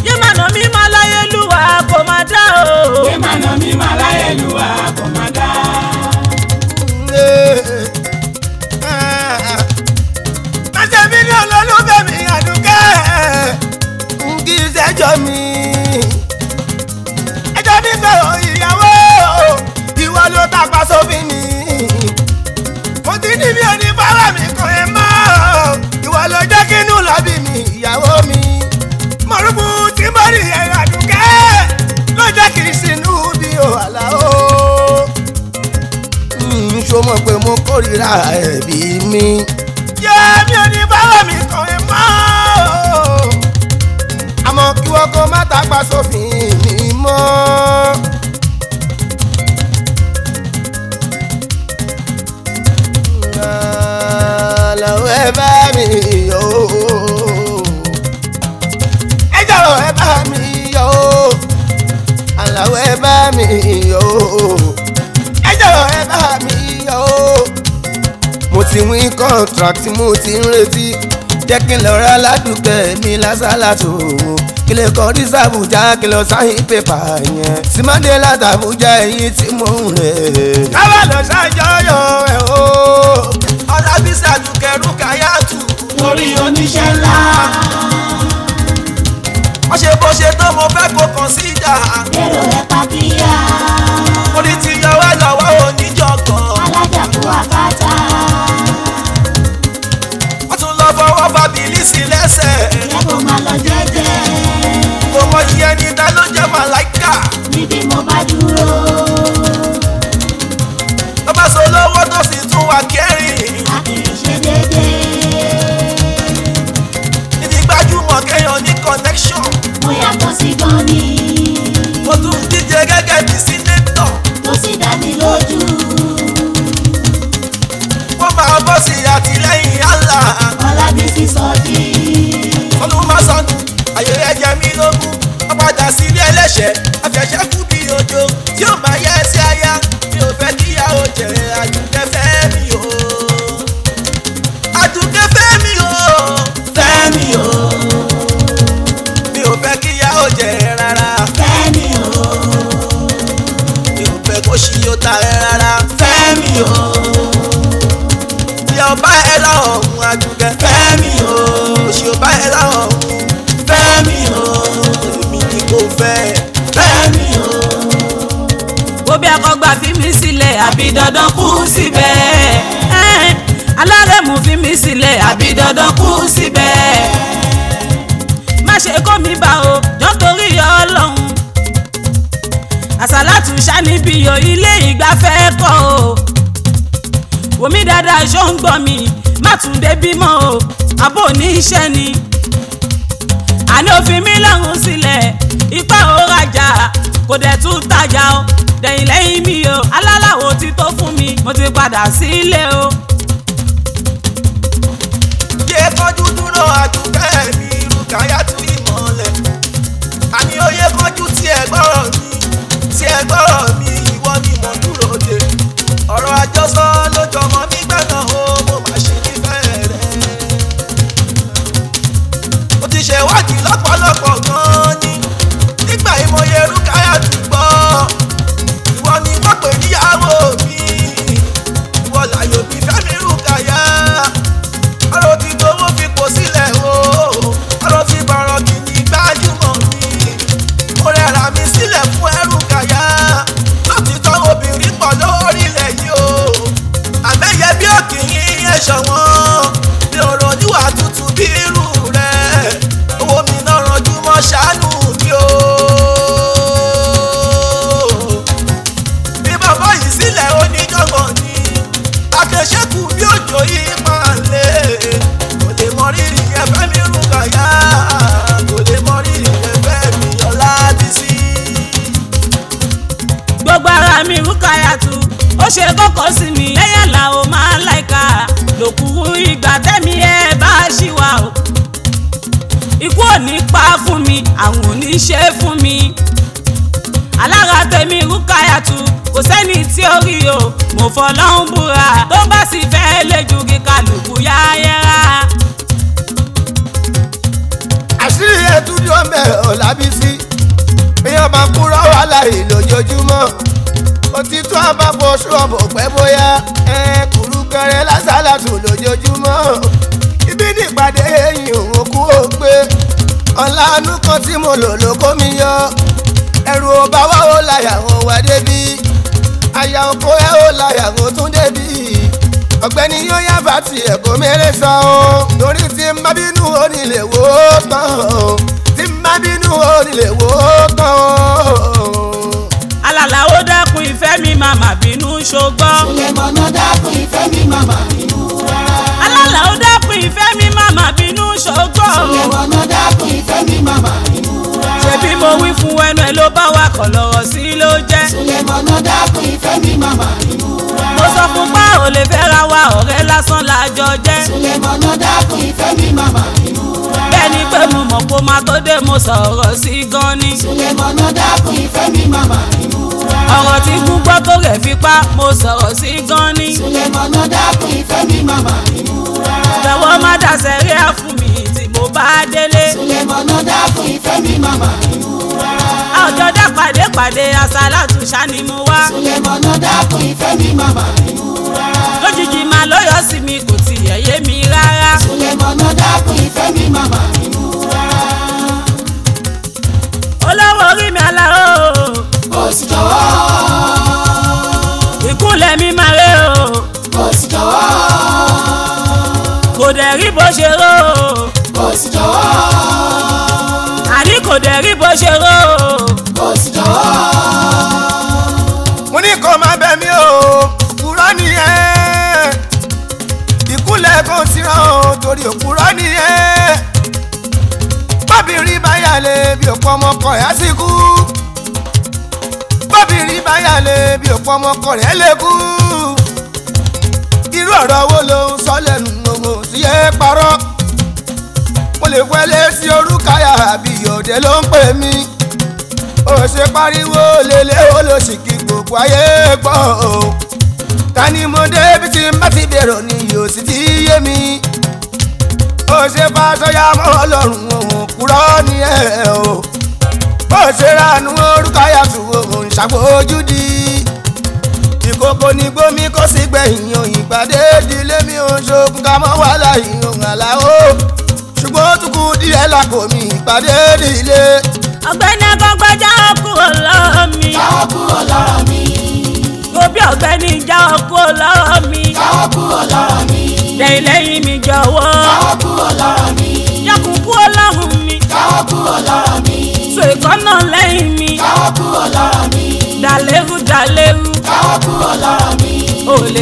yé má nà mí má láyé luwà kò má dá o. yé má nà mí má láyé luwà kò má dá. dá ẹ̀bi mi. jẹ́ mi ò ní bára mi kọrin mọ́ o àmọ́ kí wọ́n kó má tàpá sófin mi mọ́. ti win contract tí mo ti ń retí jẹ́ kí n lọ ra ládùúkẹ́ mi lásàlátò kí lè kọ́ dísàbù já kí lọ sáyìn pépà yẹn símọ́dé látàbújá ẹ̀yìn tí mò ń rẹ̀. káwá lọ ṣàjọyọ̀ ẹ̀ o ọlábísí àdùkẹ́rù káyàtù. torí oníṣẹ́ ńlá. wọ́n ṣe bó ṣe tó mo fẹ́ kó kàn sí ìjà. kérò ẹ̀ di lẹ́sẹ̀. Jẹ́ kó máa lọ jẹ́jẹ́. Mo mọ iye ẹni ta ló jẹ́ màláìkà. Níbi mo bá dúró. Tó bá so tó sì tún wà kẹ́rìn. A kì í ṣe déédéé. Níbi gbajúmọ̀ kẹ́yàn ní connection. Mo yàtọ̀ sí gan ni. Mo tún díje gẹ́gẹ́ bí sínétọ̀. Tó sì dá mi lójú. Mo máa bọ́ sí àtìlẹ́yìn Allah ní sísọjí. olùmọ̀sánù ayé ẹ̀jẹ̀ mi ló kú ọ̀padà sílé ẹlẹ́ṣẹ̀ àfẹ̀ṣẹ́ kú bí ojo tí ó máa yẹ sí aya mi ò fẹ́ kíyàwó jèrè àdùnkẹ́ fẹ́mi o. àdùnkẹ́ fẹ́mi o. fẹ́mi o. mi ò fẹ́ kíyàwó jèrè rárá. fẹ́mi o. mi ò fẹ́ kó ṣí yóò ta rẹ rárá. fẹ́mi o. bí ọba ẹ lọ́hùn-ún àdùn. àbí dandan kú síbẹ̀. Eh, alárẹ̀mú fi mí sílẹ̀ àbí dandan kú síbẹ̀. má ṣe kó mi bá o jọ́ torí ọlọ́run. àṣàlátù ṣàníbi yọ ilé ìgbafẹ́ kọ́ o. wòmí dáadáa ṣó ń gbọ́ mi má tún dé bímọ o àbò ní iṣẹ́ ni. àní òfin mi lọ́rùn sílẹ̀ ipá òrajà kò dẹ̀ tún tajà o dẹ̀yìn lẹ́yìn mi o alálàwo ti tó fún mi mo ti padà sílé o. yé kọjú dúró àdúgbẹ́ mi rúkàyà tún ìmọ̀lẹ̀ àní oyè kọjú tí ẹ gbọ́rọ̀ mi tí ẹ gbọ́rọ̀ mi ìwọ ni mo dúró de ọ̀rọ̀ àjọsọ lójọmọ́ nígbà náà. fọlọ́hún búra tó bá sì fẹ́ lè ju kí kálukú yá yẹra. àṣírí ẹtújú ọmọ ọlábísí èèyàn máa kúrò wàhálà ìlòjojúmọ́ òtítọ́ àbábọ̀ ṣọ́ọ̀bù pẹ́ bóyá kùrú kẹrẹ lásàlàtù lójoojúmọ́ ibi nípàdé ẹ̀yìn òun kú ó gbé ọ̀làánú kan tí mo lò lọ. láti ẹ̀kọ́ mẹ́rẹ́ sọ o torí tí n bá bínú ó nílé wò ó tán o tí n bá bínú ó nílé wò ó tán o. alàlà ó dákun ìfẹ́ mi màmá bínú ṣogbọ́n. sùlẹ̀mọ̀nà dákun ìfẹ́ mi màmá bínú rárá. alàlà ó dákun ìfẹ́ mi màmá bínú ṣogbọ́n. sùlẹ̀mọ̀nà dákun ìfẹ́ mi màmá bínú rárá. ṣebí mo wí fún ẹnu ẹ ló bá wa kọ̀ lọ́wọ́ sí ló jẹ́. sùlẹ̀mọ̀nà dákun ìfẹ́ mi màmá bínú pa ò lè fẹ́ra wa ọ̀rẹ́ lásán lájọ jẹ́. Sulemon ló dákun ìfẹ́ mi màmá inú rárá. Bẹ́ẹ̀ni pé mo mọ̀ kó máa tó dé mo sọ̀rọ̀ sí gan ni. Sulemon dákun ìfẹ́ mi màmá inú rárá. Ọ̀rọ̀ tí kú gbọ́ tó rẹ̀ fi pa mo sọ̀rọ̀ sí gan ni. Sulemon ló dákun ìfẹ́ mi màmá inú rárá. Fẹ̀wọ́ má dàsẹ̀ rí àfún mi tí mo bá délé. Sulemon ló dákun ìfẹ́ mi màmá inú rárá. Àwùjọ dá pàdé pàdé àṣà látúnṣá ni mo dákun ìfẹ́ mi màmá inú rárá lójijì mà ló yọ sí mi kò ti yẹ̀yẹ́ mi rárá. sùlẹ̀mọ̀nà dákun ìfẹ́ mi màmá mi mú rárá. olówó orí mi aláwọ̀ o. kò sì jọ̀wọ́. ìkúnlẹ̀ mi máa ré o. kò sì jọ̀wọ́. kò dẹ̀ rí bó ṣe ró o. kò sì jọ̀wọ́. àní kò dẹ̀ rí bó ṣe ró. torí òpùrọ́ nìyẹn bóbìnrin bá yàlè bí òpó ọmọkọ rẹ̀ á sì kú bóbìnrin bá yàlè bí òpó ọmọkọ rẹ̀ lè kú irú ọ̀rọ̀ wo ló ń sọ lẹ́nu òun sí yẹ parọ́ mo lè wẹlé sí orúkàyà àbí òde ló ń pè mí ó ṣe pariwo lélẹ̀ ó lọ sì kí gbogbo ayé gbọ́ o ta ni mo dé bí ti bá ti bẹ̀rọ̀ ni yóò sì ti yé mi ó ṣe bá sọ́yà mọ́ ọlọ́run òun kúrọ́ ní ẹ̀ o bó ṣe ránú orúkọ yàtú òun ṣàfojúdi ìkókó ní gbómi kó sì gbẹ̀yìn òun ìpàdé ìdílé mi òun ṣoògùn ká mọ́ wàhálà ìhòòhùn àlàó ṣùgbọ́n ó tún kú díẹ̀ làkò ìpàdé ìdílé. ọ̀gbẹ́ni akọ́gbọ́jà kúrò lọ́wọ́.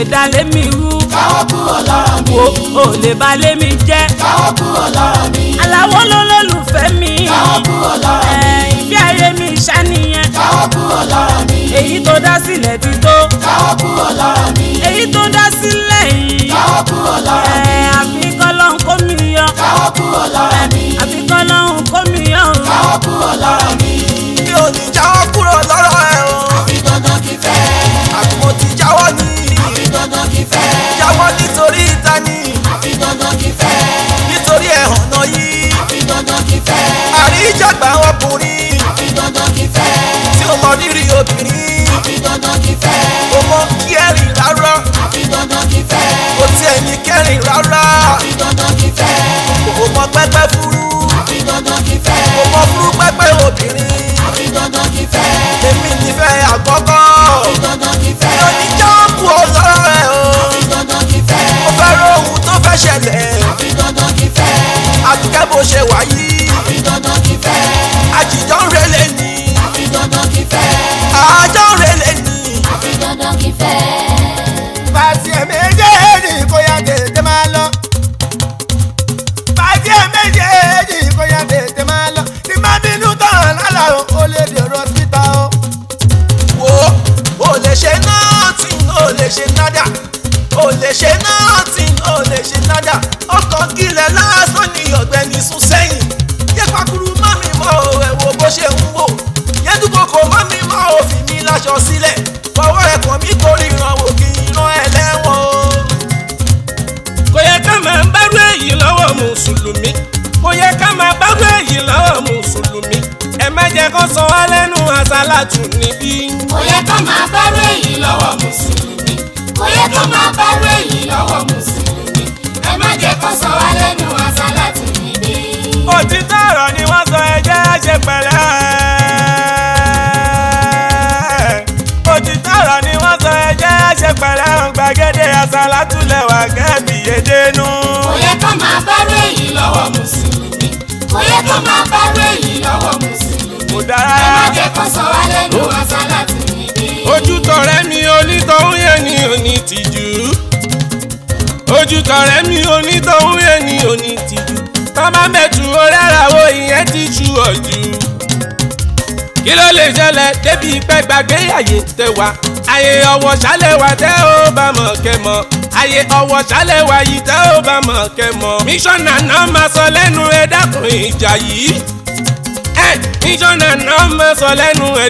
lè dá rú. káwọ́ kúrò lára mi. wo ò lè bà lémi jẹ́. káwọ́ kúrò lára mi. aláwọ̀ ló lólùfẹ́ mi. káwọ́ kúrò lára mi. ẹ̀ ìfẹ́ ayé mi ṣàníyàn. káwọ́ kúrò lára mi. èyí tó dá sílẹ̀ ti tó. káwọ́ kúrò lára mi. èyí tó dá sílẹ̀ yìí. káwọ́ kúrò lára mi. ẹ̀ àfikọ́ lọ́n kó mi yọ. káwọ́ kúrò lára mi. àfikọ́ lọ́n kó mi yọ. káwọ́ kúrò lára mi. mi ò ní jáwọ́ ìjàgbá ọkùnrin. àfi dandan kí fẹ́. tí o mọ rírì obìnrin. àfi dandan kí fẹ́. o mọ kẹrin rárá. àfi dandan kí fẹ́. o ti ẹni kẹrin rárá. àfi dandan kí fẹ́. o mọ pẹpẹ furu. àfi dandan kí fẹ́. o mọ furu pẹpẹ obìnrin. àfi dandan kí fẹ́. èmi ni fẹ́ àkọ́kọ́. àfi dandan kí fẹ́. yóò ní jọ́ọ̀bù ọlọ́rọ̀ rẹ̀ o. àfi dandan kí fẹ́. mo fẹ́ ro ohun tó fẹ́ ṣẹlẹ̀. àfi dandan kí fẹ́. àdúgbò bó ṣe wáyé. ṣe nothing ó lè ṣe nada ó kàn kílẹ̀ lásán ní ọ̀gbẹ́ni sún sẹ́yìn yẹ pakuru má mi mọ́ o ẹ̀ wo bó ṣe ń wò yẹ dúkokò má mi mọ́ o fi mi láṣọ sílẹ̀ fọwọ́ rẹ̀ kàn mí kó ríran wò kí n ẹ lẹ́wọ̀n o. kò yẹ ká máa ń bárú èyí lọ́wọ́ mùsùlùmí kò yẹ ká máa bárú èyí lọ́wọ́ mùsùlùmí ẹ má jẹ́ kó sọ wá lẹ́nu àṣà látùn níbí. kò yẹ ká máa bárú èyí lọ́wọ́ mùsùlùmí jẹ́ kó má bárú èyí lọ́wọ́ mùsùlùmí ẹ má jẹ́ kó sọ wá lẹ́nu àsálàtù níbí. òtítọ́ ọ̀rọ̀ ni wọ́n sọ ẹ jẹ́ ṣe pẹ̀lẹ́. òtítọ́ ọ̀rọ̀ ni wọ́n sọ ẹ jẹ́ ṣe pẹ̀lẹ́ kò dára. ẹ má jẹ́ kó sọ wá lẹ́nu àsálàtù onítìjú ojú tọ̀rẹ́ mi onítọ̀hún yẹn ni onítìjú tọ́mọ mẹ́tù orẹ́ràwó ìyẹn ti ṣu ọ̀jú. kí ló lè ṣẹlẹ̀ débi pẹ́ gbàgbé àyè tẹ wá àyè ọ̀wọ̀ ṣálẹ̀ wá tẹ́ ó bá mọ̀ kẹ́ mọ̀ àyè ọ̀wọ̀ ṣálẹ̀ wá yìí tẹ́ ó bá mọ̀ kẹ́ mọ̀. míṣọ́nà náà máa sọ lẹ́nu ẹ ìjà yìí. ẹ náà máa sọ lẹ́nu ẹ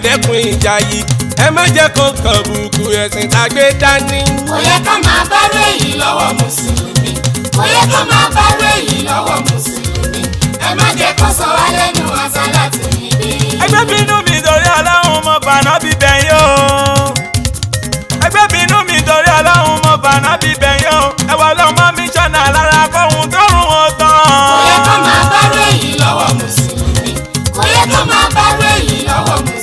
ìjà yìí ẹ má jẹ́ kó kàn bùkù ẹ̀sìn tá a gbé dání. kò yẹ ká máa bárò èyí lọ́wọ́ mùsùlùmí kò yẹ ká máa bárò èyí lọ́wọ́ mùsùlùmí ẹ má jẹ́ kó sọ wá lẹ́nu àsálàtì níbí. ẹgbẹ́ bínú mi torí aláhùn mọ́ bàná bíbẹ̀ yó. ẹgbẹ́ bínú mi torí aláhùn mọ́ bàná bíbẹ̀ yó. ẹ wà lọ́mọ mi ṣọ́nà lára kóhun tó rùn ó tán. kò yẹ ká máa bárò èyí lọ́wọ́ mùsùlùmí kò yẹ ká máa bárò èyí lọ́wọ́ mùsùlùmí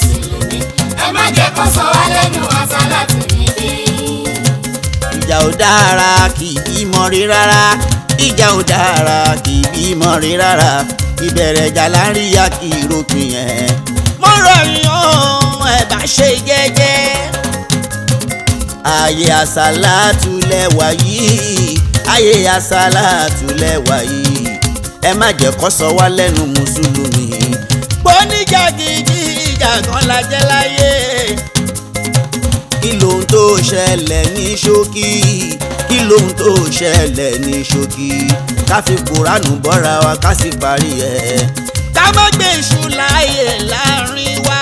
kó sọ wá lẹ́nu àsálàtù níbí. ìjà ò dára kì í bímọ rí rárá ìjà ò dára kì í bímọ rí rárá ìbẹ̀rẹ̀ ìjà láríyá kì í ròkìn yẹn. mo rọ̀ yàn ẹ̀ bá ṣe jẹ́jẹ́ ayé àsálàtù lẹ́wà yìí ayé àsálàtù lẹ́wà yìí ẹ má jẹ́ kó sọ wá lẹ́nu mùsùlùmí. gbóníjà gidi ìjà kan la jẹ́ láyé tó ṣẹlẹ̀ ní ṣókí kí lóhun tó ṣẹlẹ̀ ní ṣókí ká fi kúránù bọ́ra wa ká sì parí ẹ̀. ká má gbé iṣu láàyè láàrin wa.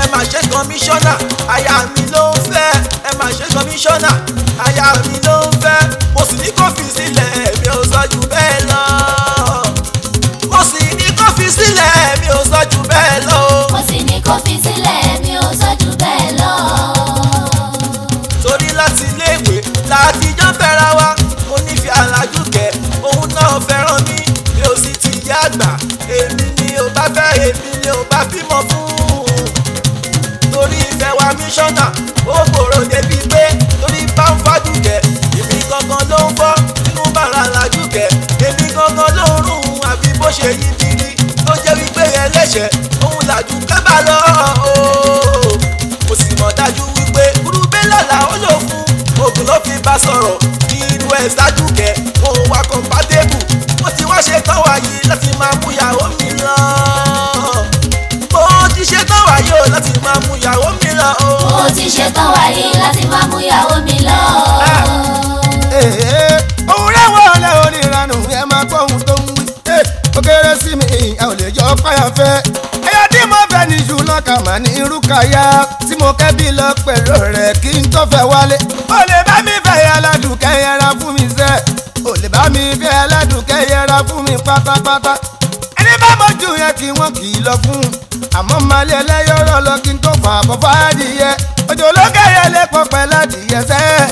ẹ má ṣe kọmíṣánná aya mi ló ń fẹ́ ẹ má ṣe kọmíṣánná aya mi ló ń fẹ́ mo sì ní kó sílẹ̀ mi ò sọ jù bẹ́ẹ̀ lọ. kọmíṣánná ó gbòòrò débi pé torí bá ń fàdùkẹ́ èmi gangan ló ń fọ́ nínú bàrà làdùkẹ́ èmi gangan ló ń rùn àfi bó ṣe yí bíbí tó jẹ́ wípé ẹlẹ́ṣẹ̀ òun làdùkẹ́ bá lọ kò sì mọ̀ dájú wípé kúrúbẹ́lẹ̀ là ó lò fún ògùn ló fi bá sọ̀rọ̀ kí ẹ̀ ṣáájú ṣetán wáyé láti máa mú ìyàwó mi lọ. òun rẹwà ọlẹ oníranù ẹ máa gbọ́ ohun tó ń wí. Eh, ó kéré sí mi a ò lè yọ fáyàfẹ́. ẹyọ tí mo fẹ́ ní jù náà kà má ní irú kàyà. tí mo kẹ́bí lọ pẹ̀lú rẹ̀ kí n tó fẹ́ wálé. ó lè bá mi fẹ́ yẹ aládùn yẹra fún mi sẹ́. ó lè bá mi fẹ́ aládùn yẹra fún mi pátápátá. ẹni bá mọ̀jú yẹn kí wọ́n kì í lọ fún un. àmọ́ màálé ẹlẹ́yọ̀rọ̀ lọ kí n tó fà bọ́ fáádìí òjò ló kẹ́yẹ lé pọ̀ pẹ́ láti yẹsẹ́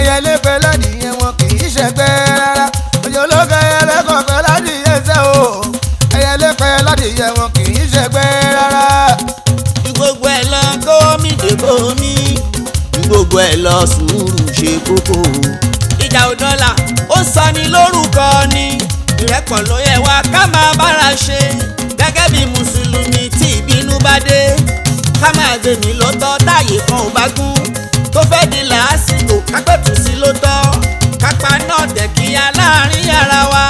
ẹyẹ lé pẹ́ láti yẹ wọn kì í ṣẹgbẹ́ rárá òjò ló kẹ́yẹ lé pọ̀ pẹ́ láti yẹsẹ́ o ẹyẹ lé pẹ́ láti yẹ wọn kì í ṣẹgbẹ́ rárá. gbogbo ẹ lọ kó mi mi gbogbo ẹ lọ sùúrù ṣe kókó. ìjà ò dọ́là ó sọ ni lórúkọ ni ìrẹ́pọ̀ ló yẹ wá ká máa bára ṣe gẹ́gẹ́ bí mùsùlùmí tí ìbínú bá dé ká máa gbé mi lọ́tọ́ táyé kan ò bá gún tó fẹ́ di làásìgbò kápẹ́tù sí lótọ́ kápá náà tẹ̀ kíá láàrin ara wa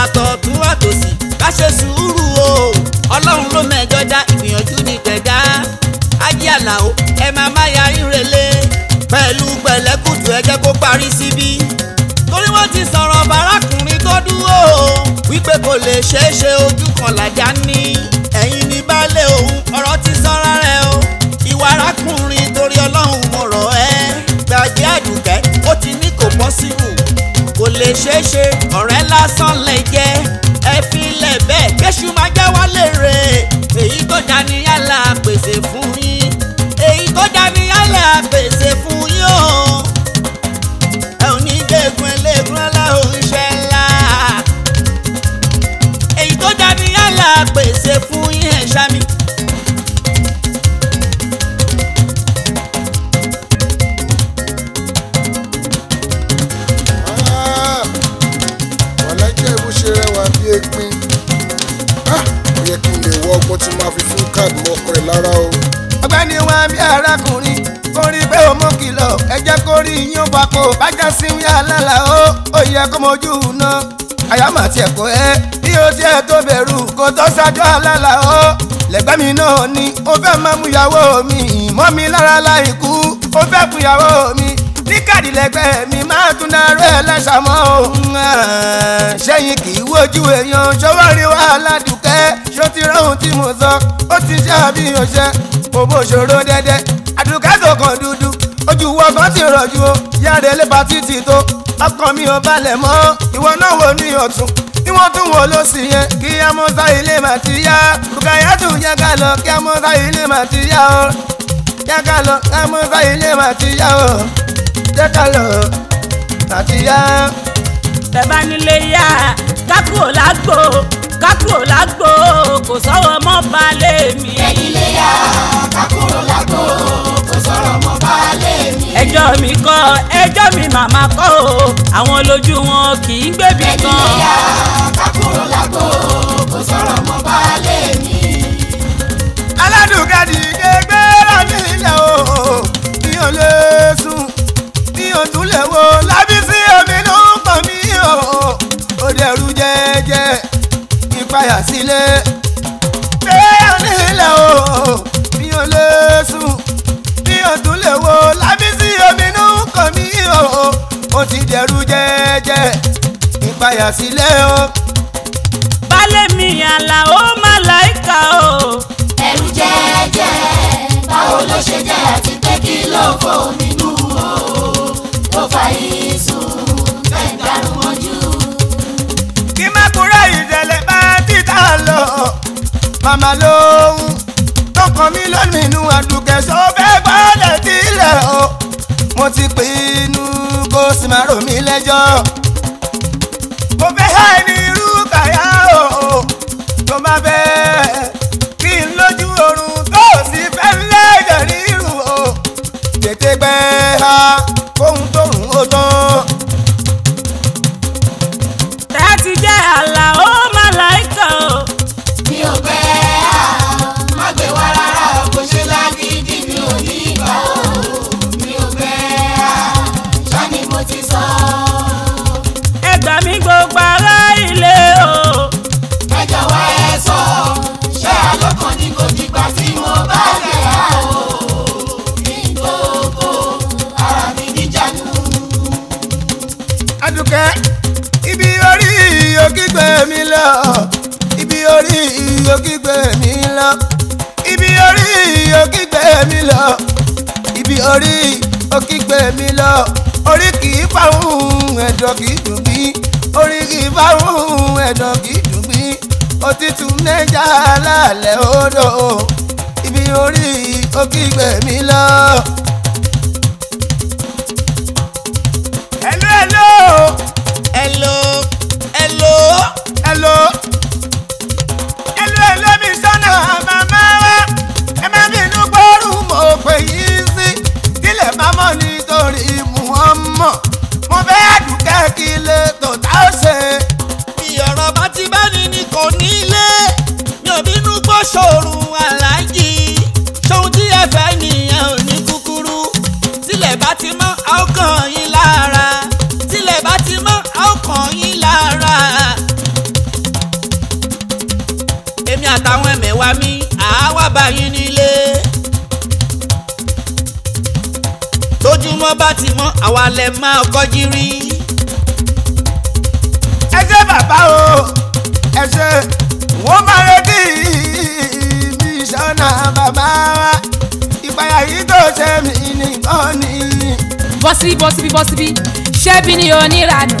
àtọ̀tún àtòsì ká ṣe sùúrù o ọlọ́run ló mẹ́jọ dá ìgbìyànjú ní tẹ̀dá ajé àlàó ẹ máa má ya ìrẹ̀lẹ̀ pẹ̀lú pẹ̀lẹ́kùtù ẹ jẹ́ kó parí síbí torí wọ́n ti sọ̀rọ̀ bárakùnrin tó dúró wípé kò lè ṣeé ṣe ojú kan làjá ní. ṣeé ṣe ọ̀rẹ́ lásán lè jẹ́. mo ti máa fi fún káàdì mọ ọkọ ẹ lára o. ọ̀gbẹ́ni wọn bí arákùnrin kó pé o mú kìlọ̀ ẹ jẹ́ kó rí yín papò bájà sí wí alála o ó yẹ kó mojú ná àyàmà tiẹ̀ kó ẹ bí o tiẹ̀ tó bẹ̀rù kó tó ṣáájú alála o lẹ́gbẹ́ mi náà ni ó fẹ́ máa mú ìyàwó mi ìmọ̀ mi lára láìkú ó fẹ́ fún ìyàwó mi ní káàdì lẹ́gbẹ́ mi máa tún dáró ẹ̀ lẹ́sàmọ́ òun ṣẹ́yìn kì í wojú èèyàn ṣọwọ́ wàhálà dùn tẹ́ ṣó ti ráhùn tí mo sọ ó ti ṣe àbíyàn ṣẹ mo bó ṣòro dẹ́dẹ́ àdùkátò kan dúdú ojú wọ kan ti rọ̀jú o yára ilé patí ti tó ọkàn mi ò balẹ̀ mọ́ ìwọ náà wò ní ọ̀tún níwọ̀n tún wò ló sì yẹn kí amọ́sá ilé mà ti yá rùkàyà tún yẹ ká lọ kí amọ́sá ilé mà ti yá o yẹ ká lọ kí amọ́sá ilé mà ti yá o yẹ ká lọ mà ti yá. tẹ̀bá nílé yá kákò lágbo kákúrò lágbo kò sọ̀rọ̀ mọ́ balẹ̀ mi. ẹ̀yin lè yá kákúrò lágbo kò sọ̀rọ̀ mọ́ balẹ̀ mi. ẹjọ́ mi kọ́ ẹjọ́ mi màmá kọ́ o àwọn lójú wọn kì í gbẹ̀bí kan. ẹ̀yin lè yá kákúrò lágbo kò sọ̀rọ̀ mọ́ balẹ̀ mi. aládùúgbò di gbẹgbẹ́ rà nílẹ̀ o mi láyà sílé bẹ́ẹ̀ onílẹ̀ o mi ò lè sùn mi ò tún lè wo lábísí ominú kàn mí o ó ti dẹ̀rù jẹ́jẹ́ ìpayà sílé o. balẹ̀ mi àlà ó màmá lóhùn tọkọ mi lọ́nà inú àdùkẹ́ sọ fẹ́ gbọ́dẹ̀ sílẹ̀ o mo ti pinnu kó sì má rò mí lẹ́jọ́ mo fẹ́ há ẹni mi lọ ibi orí òkìgbẹ́ mi lọ orí kì í fáwọn ẹ̀dọ̀ kì í dùn mí orí kì í fáwọn ẹ̀dọ̀ kì í dùn mí òtítù nẹ́jà lálẹ́ odò ibi orí òkìgbẹ́ mi lọ. hello hello. àdùkẹ́ kí lè tó tá ó ṣe. mi ọ̀rọ̀ bá ti bá ní ni kò ní lé mi ò bínú gbọ́ ṣòro aláàjì ṣòun tí ẹ fẹ́ nìyẹn ò ní kúkúrú tílẹ̀ bá ti mọ́ ọkàn yín lára tílẹ̀ bá ti mọ́ ọkàn yín lára. èmi àtàwọn ẹ̀mẹ̀wá mi àáwá bá nílé. tójúmọ́ bá ti mọ́ àwa lẹ̀ máa kọ́jú rí bàbá o ẹ ṣe wọ́n máa retí mi sọ́nà bàbá wa ìpayà yìí tó ṣe mí nìkan ni. bọ́sibí bọ́sibí bọ́sibí ṣẹ́bi ni oníranù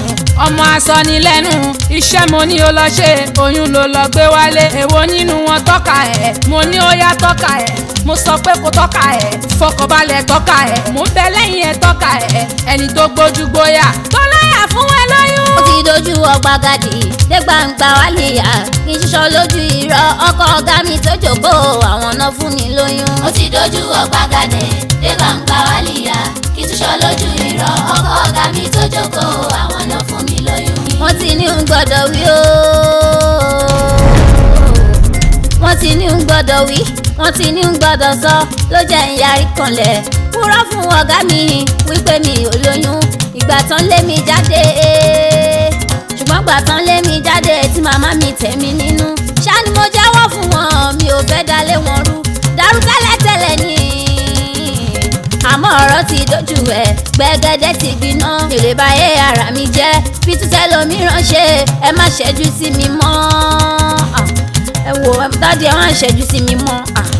ọmọ aṣọ ni lẹ́nu iṣẹ́ mo ní o lọ ṣe oyún ló lọ gbé wálé èwo nínú wọn tọ́ka ẹ̀ mo ní ó yá tọ́ka ẹ̀ mo sọ pé kò tọ́ka ẹ̀ fọkànbalẹ̀ tọ́ka ẹ̀ mo ń bẹ lẹ́yìn ẹ̀ tọ́ka ẹ̀ ẹni tó gbójú gbóyà tó láyà fún ẹ ó ti dojú ọgbàgàdì dé gbangba wálìyà kì í ṣiṣọ́ lójú irọ́ ọkọ ọ̀gá mi tó jókòó àwọn náà fún mi lóyún. ó ti dojú ọgbàgàdì dé gbangba wálìyà kì í ṣiṣọ́ lójú irọ́ ọkọ ọ̀gá mi tó jókòó àwọn náà fún mi lóyún. wọ́n ti ní n gbọ́dọ̀ wí wọ́n ti ní ń gbọ́dọ̀ wí wọ́n ti ní ń gbọ́dọ̀ sọ ló jẹ́ ìyarí kanlẹ̀ purọ́ fún ọ̀gá mi wípé mi ò lóyún ìgbà tán lé mi jáde gbà tán lé mi jáde tí màmá mi tẹ̀mí nínú ṣáà ni mo jẹ́wọ́ fún wọn mi ò fẹ́ dalé wọn rú darúkálẹ̀ tẹ́lẹ̀ ni àmọ́ ọ̀rọ̀ ti dojú ẹ̀ gbẹ́gẹ́dẹ́ ti gbiná èrè báyé ara mi jẹ́ fi túnṣe lomi ránṣẹ́ ẹ má ṣẹ́jú sí mi mọ́ ẹ wò dáàdi ẹ má ṣẹ́jú sí mi mọ́.